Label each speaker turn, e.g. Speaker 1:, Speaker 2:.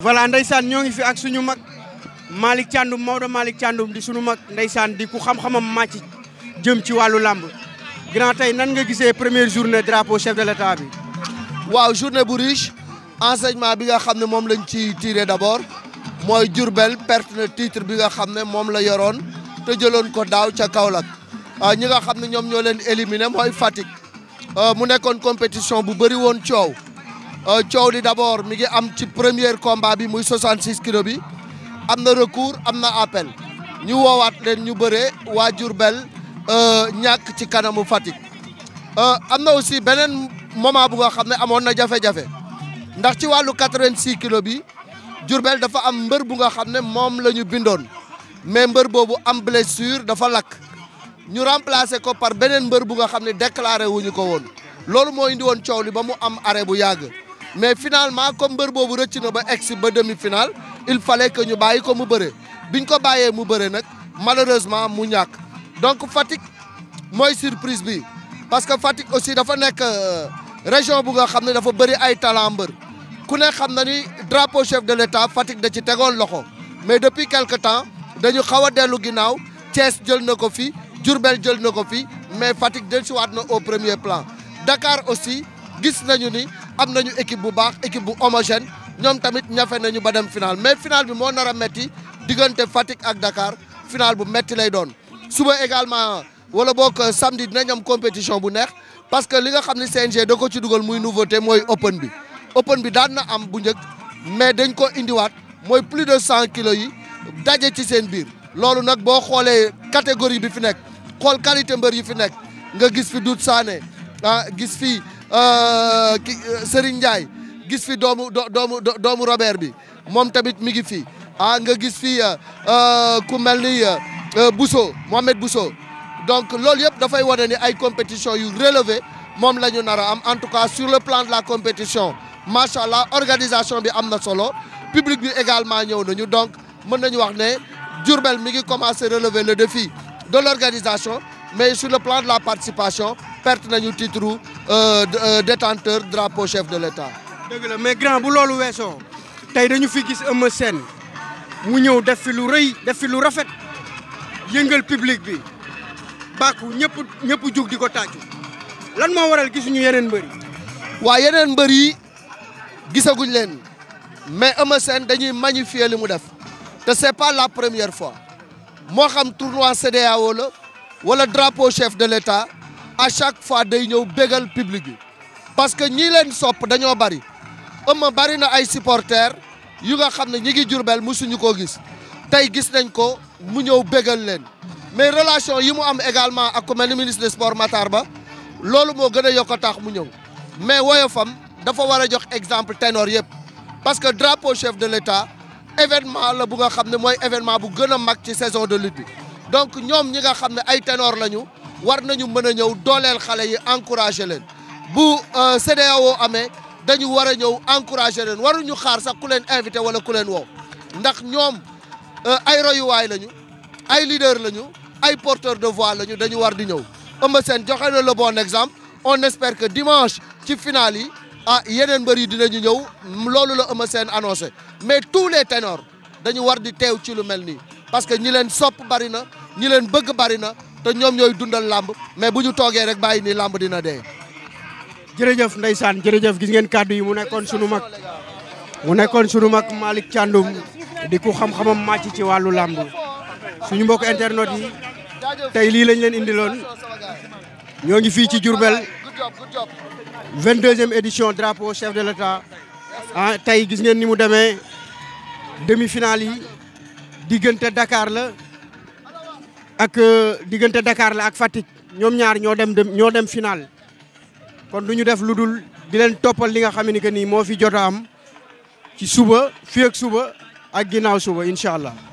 Speaker 1: voilà ndeysaan ñoo ngi fi ak suñu mag Malick Thiandoum Maodo Malick Thiandoum di suñu mag ndeysaan di ku xam-xamam màcc jëm ci wàllu làmb grand
Speaker 2: tey nan nga gisee première journée drapeau chef de l'état bi waaw journée bu riche enseignement bi nga xam ne moom lañ ci tiré d'abord mooy Diourbel perte na titre bi nga xam ne moom la yoroon te jëloon ko daaw ca Kaolack ah, ñi nga xam ne ñoom ñoo leen éliminé mooy Fatick ah, mu nekkoon compétition bu bëri woon coow Euh, coow li d'abord mi ngi am ci premier combat bi muy 66 kilos bi am na recours am na appel ñu woowaat leen ñu bëree waa Diourbel euh, ñàkk ci kanamu Fatick. Euh, am na aussi beneen moment bu nga xam ne amoon na jafe-jafe ndax ci wàllu 86 kilos bi Diourbel dafa am mbër bu nga xam ne moom la ñu bindoon mais mbër boobu am blessure dafa lakk ñu remplacer ko par beneen mbër bu nga xam ne déclaré wuñu ko woon. loolu moo indi woon coow li ba mu am arrêt bu yàgg mais finalement comme mbër boobu rëcc na ba egsi ba demi final il fallait que ñu bàyyi ko mu bëre biñ ko bàyyee mu bëre nag malheureusement mu ñàkk donc Fatick mooy surprise bi parce que Fatick aussi dafa nekk euh, région bu nga xam ne dafa bëri ay talent mbër ku ne xam na ni drapeau chef de l'État Fatick da ci tegoon loxo mais depuis quelque temps dañu xaw a dellu ginnaaw Thiès jël na ko fi Diourbel jël na ko fi mais Fatick dellusiwaat na au premier plan Dakar aussi gis nañu ni am nañu équipe bu baax équipe bu homogène ñom tamit ñafé nañu ba dem final mais final bi mo nara metti digënté Fatick ak Dakar final bu metti lay doon suba également wala bok euh, samedi dinañ am compétition bu neex parce que li nga xamni CNG da ko ci duggal muy nouveauté moy open bi open bi daana am bu njëkk mais dañ ko indi indiwaat moy plus de 100 kilos yi dajé ci seen biir lolu nak bo xolé catégorie bi fi nekk xol qualité mbeur yi fi nekk nga gis fi Doudou Sané ah gis fi euh, euh, Serigne Ndiaye gis fi doomu doomu doomu Robert bi mom tamit mi ngi fi ah, nga gis fi euh, ku Bousso Mohamed Bousso donc loolu yëpp dafay wane ni ay compétition yu relevé mom lañu nara am en tout cas sur le plan de la compétition machallah organisation bi amna solo public bi également ñëw nañu donc meun nañu wax né Djourbel mi relever le défi de l'organisation mais sur le plan de la participation perte nañu titre Euh, euh, détenteur drapeau chef de l'État. dëgg la mais grand bu
Speaker 1: loolu weesoo tey dañu fi gis Eumeu Sène mu ñëw def fi lu rëy def fi lu rafet yëngal public bi bàkku ñëpp ñëpp jug di ko tàccu
Speaker 2: lan moo waral gisuñu yeneen mbër yi. waa yeneen mbër yi gisaguñ leen mais Eumeu Sène dañuy magnifier li mu def te c'est pas la première fois moo xam tournoi CEDEAO la wala drapeau chef de l'État. à chaque fois day ñëw bégal public bi parce que ñi leen sopp dañoo bari ëmma bari na ay supporters yu nga xam ne ñi ngi Jurbel musuñu koo gis tey gis nañ ko mu ñëw bégal leen mais relation yi mu am également ak ku mel ni ministre des sports Ba loolu moo gën a yokk a tax mu ñëw mais woyofam dafa war a jox exemple ténor yëpp parce que drapeau chef de l'État événement la bu nga xam ne mooy événement bu gën a mag ci saison de lutte bi donc ñoom ñi nga xam ne ay ténor lañu war nañu mën a ñëw dooleel xale yi encourager leen bu euh, CDAO amé dañu wara a ñëw encouragé leen ñu xaar sax ku leen invité wala ku leen woow ndax ñom euh, ay royu way lañu ay leader lañu ay porteur de voix lañu dañu war di ñëw Eumeu sen joxé na le bon exemple on espère que dimanche ci finale yi ah yeneen bari yi dinañu ñëw loolu la Eumeu sen annoncé mais tous les ténors dañu war di teew ci lu melni parce que ñi leen sop bari na ñi leen bëgg bari na te ñoom ñooy dundal làmb mais bu ñu toogee rek bàyyi ni làmb dina dee. jërëjëf ndeysaan jërëjëf gis ngeen kàddu yi mu nekkoon sunu mag
Speaker 1: mu nekkoon sunu mag Malick Thiandoum di ku xam-xamam màcc ci wàllu làmb suñu mbokk internet yi tey lii lañ leen indiloon ñoo ngi fii ci Diourbel 22e édition drapeau chef de l'État ah, tey gis ngeen ni mu demee demi-finale yi diggante Dakar la. ak euh, diggante Dakar la ak Fatick ñoom ñaar ñoo dem ñoo dem final kon du ñu def lu dul di leen toppal li nga xam ne que nii moo fi jot am ci suba fii ak suba ak ginnaaw suba incha allah.